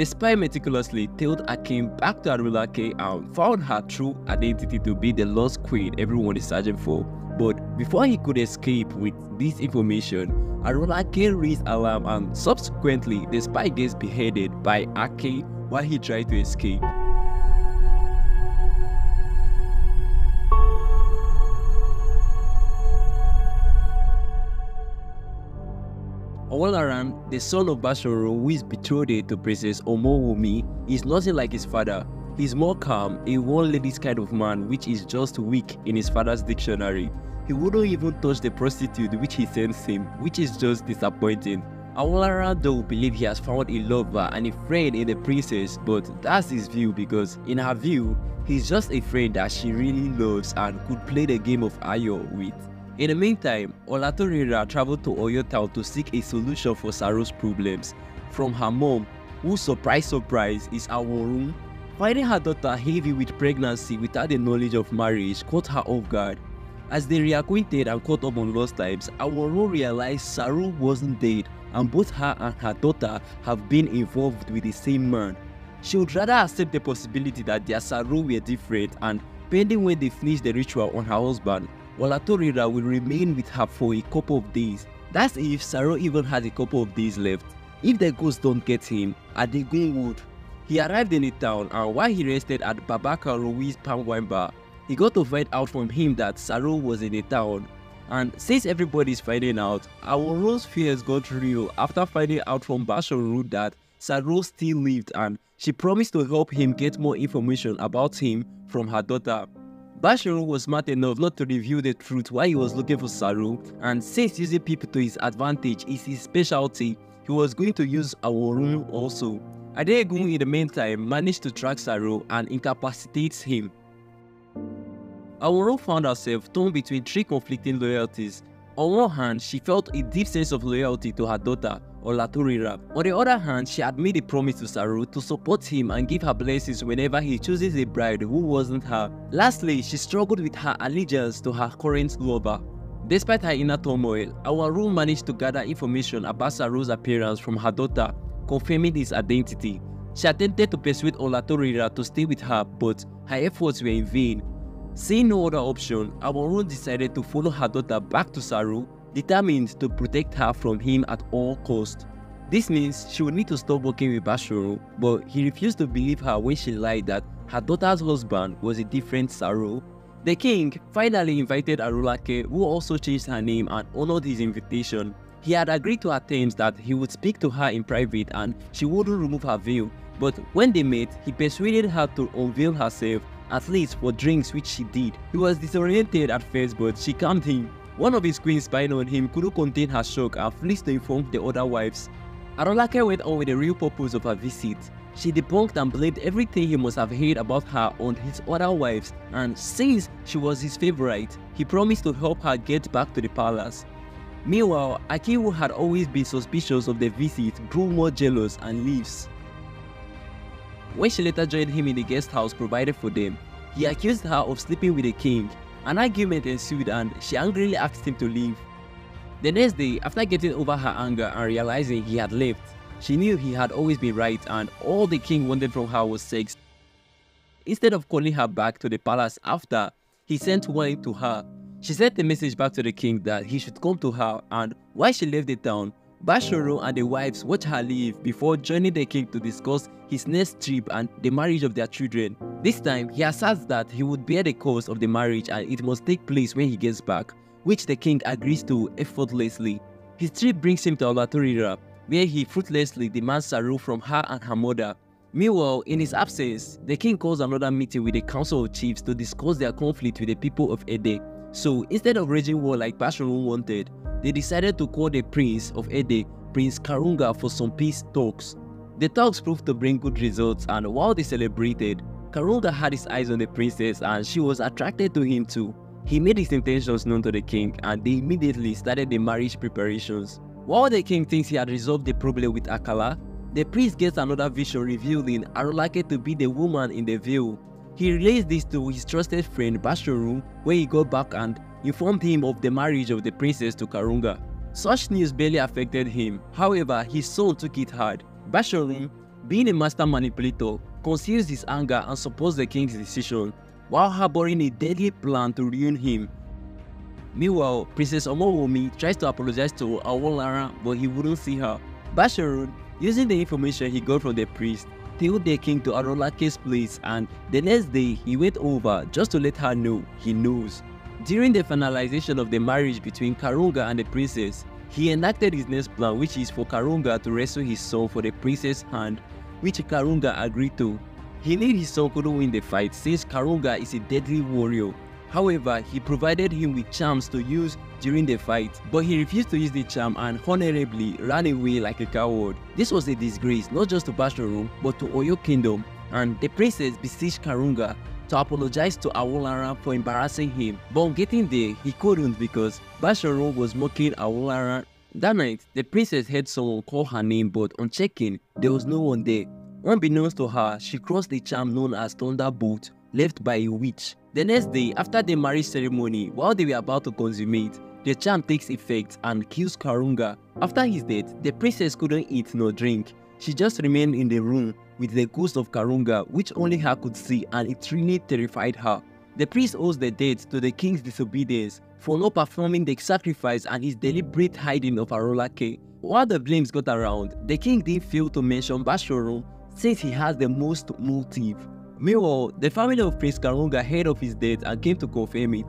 The spy meticulously tailed Akim back to Arulake and found her true identity to be the lost queen everyone is searching for. But before he could escape with this information, Arulake raised alarm and subsequently the spy gets beheaded by Ake while he tried to escape. Awolaram, the son of Bashoro, who is betrothed to Princess Omowumi, is nothing like his father. He's more calm, a one ladies kind of man which is just weak in his father's dictionary. He wouldn't even touch the prostitute which he sends him, which is just disappointing. Awolara though believe he has found a lover and a friend in the princess but that's his view because in her view, he's just a friend that she really loves and could play the game of Ayo with. In the meantime, Olatorira traveled to Oyo Town to seek a solution for Saro's problems from her mom, who surprise surprise is Aworun. Finding her daughter heavy with pregnancy without the knowledge of marriage caught her off guard. As they reacquainted and caught up on lost times, Aworun realized Saru wasn't dead and both her and her daughter have been involved with the same man. She would rather accept the possibility that their Saru were different and pending when they finish the ritual on her husband, while Atorira will remain with her for a couple of days. That's if Saro even has a couple of days left. If the ghosts don't get him, Adegun would. He arrived in the town and while he rested at Babaka Ruiz Palm Wine Bar, he got to find out from him that Saro was in the town. And since everybody's finding out, our Rose fears got real after finding out from Basharu that Saro still lived and she promised to help him get more information about him from her daughter. Bashiru was smart enough not to reveal the truth why he was looking for Saru, and since using people to his advantage is his specialty, he was going to use Aworu also. Adegun in the meantime managed to track Saru and incapacitates him. Aworu found herself torn between three conflicting loyalties on one hand, she felt a deep sense of loyalty to her daughter, Olaturi Rab. On the other hand, she had made a promise to Saru to support him and give her blessings whenever he chooses a bride who wasn't her. Lastly, she struggled with her allegiance to her current lover. Despite her inner turmoil, our room managed to gather information about Saru's appearance from her daughter, confirming his identity. She attempted to persuade Olatorira to stay with her, but her efforts were in vain Seeing no other option, Amarun decided to follow her daughter back to Saru, determined to protect her from him at all costs. This means she would need to stop working with Bashuru, but he refused to believe her when she lied that her daughter's husband was a different Saru. The king finally invited Arulake, who also changed her name and honored his invitation. He had agreed to her terms that he would speak to her in private and she wouldn't remove her veil, but when they met, he persuaded her to unveil herself at least for drinks which she did. He was disoriented at first but she calmed him. One of his queens spying on him couldn't contain her shock and flees to inform the other wives. Arolake went on with the real purpose of her visit. She debunked and blamed everything he must have heard about her on his other wives and since she was his favorite, he promised to help her get back to the palace. Meanwhile, Aki who had always been suspicious of the visit grew more jealous and leaves. When she later joined him in the guest house provided for them, he accused her of sleeping with the king. An argument ensued and she angrily asked him to leave. The next day, after getting over her anger and realizing he had left, she knew he had always been right and all the king wanted from her was sex. Instead of calling her back to the palace after, he sent wine to her. She sent a message back to the king that he should come to her and while she left the town, Bashoro and the wives watch her leave before joining the king to discuss his next trip and the marriage of their children. This time, he asserts that he would bear the cost of the marriage and it must take place when he gets back, which the king agrees to effortlessly. His trip brings him to Olatorira, where he fruitlessly demands Saru from her and her mother. Meanwhile, in his absence, the king calls another meeting with the council of chiefs to discuss their conflict with the people of Ede. So instead of raging war like Basharun wanted, they decided to call the prince of Ede, Prince Karunga for some peace talks. The talks proved to bring good results and while they celebrated, Karunga had his eyes on the princess and she was attracted to him too. He made his intentions known to the king and they immediately started the marriage preparations. While the king thinks he had resolved the problem with Akala, the prince gets another vision revealing Arulake to be the woman in the view. He relayed this to his trusted friend Basharum where he got back and informed him of the marriage of the princess to Karunga. Such news barely affected him, however, his son took it hard. Basharum, being a master manipulator, conceals his anger and supports the king's decision, while harboring a deadly plan to ruin him. Meanwhile, Princess Omowomi tries to apologize to Awolara but he wouldn't see her. Basharun, using the information he got from the priest, still taking to Arolake's place and the next day he went over just to let her know he knows. During the finalization of the marriage between Karunga and the princess, he enacted his next plan which is for Karunga to wrestle his son for the princess' hand which Karunga agreed to. He knew his son couldn't win the fight since Karunga is a deadly warrior. However, he provided him with charms to use during the fight, but he refused to use the charm and honorably ran away like a coward. This was a disgrace not just to Basharum but to Oyo Kingdom, and the princess besieged Karunga to apologize to Awolara for embarrassing him. But on getting there, he couldn't because Basharum was mocking Awolara. That night, the princess heard someone call her name but on checking, there was no one there. Unbeknownst to her, she crossed the charm known as Thunderbolt left by a witch. The next day, after the marriage ceremony, while they were about to consummate, the charm takes effect and kills Karunga. After his death, the princess couldn't eat nor drink. She just remained in the room with the ghost of Karunga which only her could see and it really terrified her. The priest owes the debt to the king's disobedience for not performing the sacrifice and his deliberate hiding of K. While the blames got around, the king didn't fail to mention Bashoro since he has the most motive. Meanwhile, the family of Prince Karunga heard of his death and came to confirm it.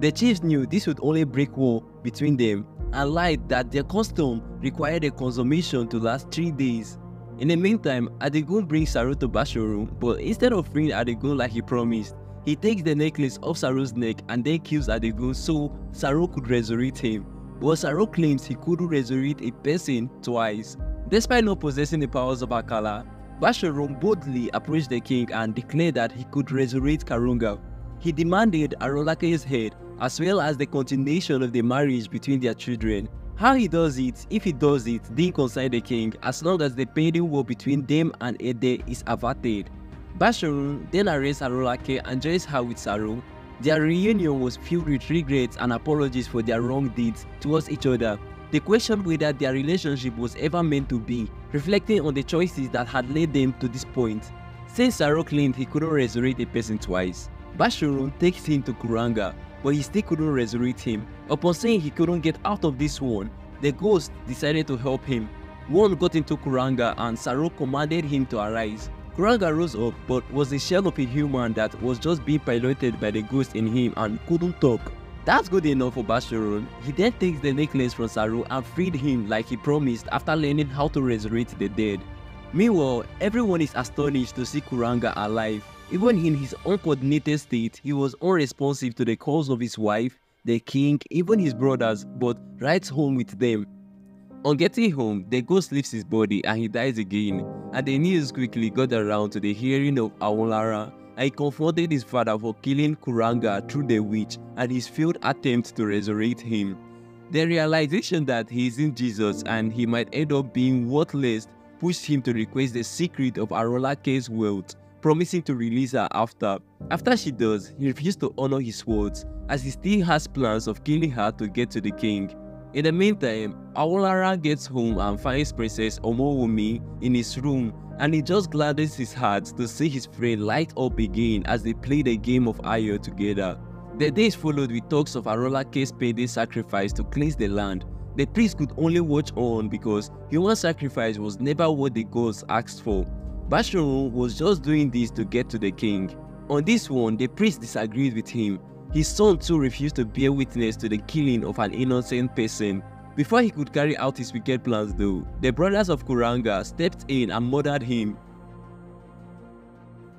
The chiefs knew this would only break war between them and lied that their custom required a consummation to last three days. In the meantime, Adigun brings Saru to Room, but instead of freeing Adigun like he promised, he takes the necklace off Saru's neck and then kills Adigun so Saru could resurrect him. But Saru claims he couldn't resurrect a person twice. Despite not possessing the powers of Akala, Basharum boldly approached the king and declared that he could resurrect Karunga. He demanded Arolake's head as well as the continuation of the marriage between their children. How he does it, if he does it, then consign the king as long as the pending war between them and Ede is averted. Basharun then arrests Arulake and joins her with Saru. Their reunion was filled with regrets and apologies for their wrong deeds towards each other. They questioned whether their relationship was ever meant to be, reflecting on the choices that had led them to this point. Since Saru claimed he couldn't resurrect a person twice, Basharun takes him to Kuranga, but he still couldn't resurrect him. Upon saying he couldn't get out of this one, the ghost decided to help him. One got into Kuranga and Saro commanded him to arise. Kuranga rose up but was a shell of a human that was just being piloted by the ghost in him and couldn't talk. That's good enough for Basharun. He then takes the necklace from Saru and freed him like he promised after learning how to resurrect the dead. Meanwhile, everyone is astonished to see Kuranga alive. Even in his uncoordinated state, he was unresponsive to the calls of his wife, the king, even his brothers, but rides home with them. On getting home, the ghost leaves his body and he dies again, and the news quickly got around to the hearing of and I confronted his father for killing Kuranga through the witch and his failed attempt to resurrect him. The realization that he isn't Jesus and he might end up being worthless pushed him to request the secret of Arolake's wealth promising to release her after. After she does, he refuses to honor his words as he still has plans of killing her to get to the king. In the meantime, Awolara gets home and finds Princess Omowumi in his room and it just gladdens his heart to see his friend light up again as they play the game of Ayo together. The days followed with talks of Arolake's pending sacrifice to cleanse the land. The priest could only watch on because human sacrifice was never what the gods asked for Bashuru was just doing this to get to the king. On this one, the priest disagreed with him. His son too refused to bear witness to the killing of an innocent person. Before he could carry out his wicked plans though, the brothers of Kuranga stepped in and murdered him.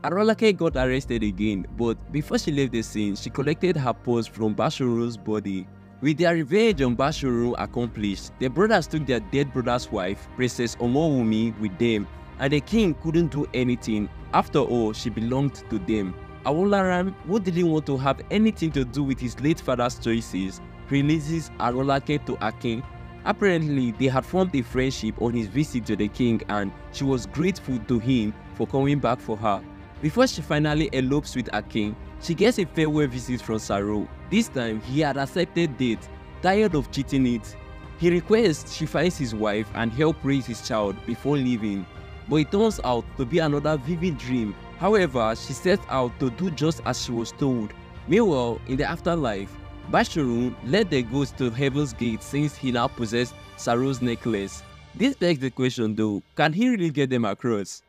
Arolake got arrested again, but before she left the scene, she collected her purse from Bashuru's body. With their revenge on Bashuru accomplished, the brothers took their dead brother's wife, Princess Omowumi, with them and the king couldn't do anything. After all, she belonged to them. Awolaran, who didn't want to have anything to do with his late father's choices, releases Arolake to Akin. king. Apparently, they had formed a friendship on his visit to the king and she was grateful to him for coming back for her. Before she finally elopes with Akin, king, she gets a farewell visit from Saro. This time, he had accepted date, tired of cheating it. He requests she finds his wife and help raise his child before leaving but it turns out to be another vivid dream. However, she sets out to do just as she was told. Meanwhile, in the afterlife, Bashirun led the ghost to Heaven's Gate since he now possessed Saru's necklace. This begs the question though, can he really get them across?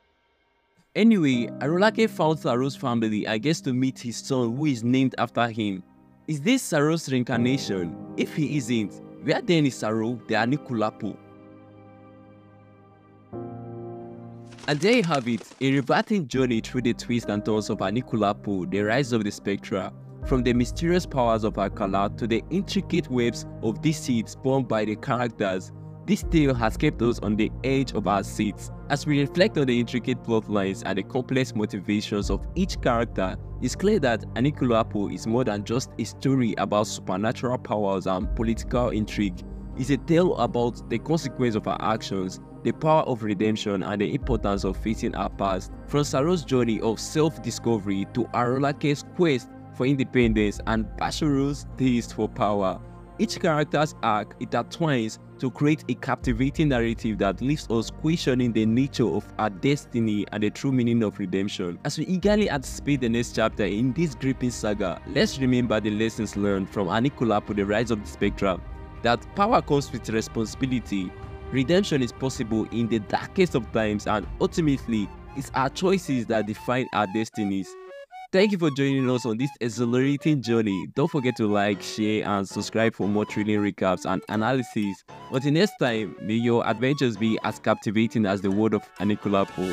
Anyway, Arulake found Saru's family I guess to meet his son who is named after him. Is this Saru's reincarnation? If he isn't, where then is Saru the Anikulapo? And there you have it, a riveting journey through the twists and turns of Anikulapo, the rise of the Spectra, from the mysterious powers of Alcala to the intricate webs of deceit spun by the characters. This tale has kept us on the edge of our seats. As we reflect on the intricate plot lines and the complex motivations of each character, it's clear that Anikulapo is more than just a story about supernatural powers and political intrigue is a tale about the consequence of our actions, the power of redemption, and the importance of facing our past. From Saro's journey of self-discovery to Arolake's quest for independence and Basharu's taste for power, each character's arc intertwines to create a captivating narrative that leaves us questioning the nature of our destiny and the true meaning of redemption. As we eagerly anticipate the next chapter in this gripping saga, let's remember the lessons learned from Anikulapu The Rise of the spectrum that power comes with responsibility. Redemption is possible in the darkest of times, and ultimately, it's our choices that define our destinies. Thank you for joining us on this exhilarating journey. Don't forget to like, share, and subscribe for more thrilling recaps and analysis. Until next time, may your adventures be as captivating as the world of Anikulapo.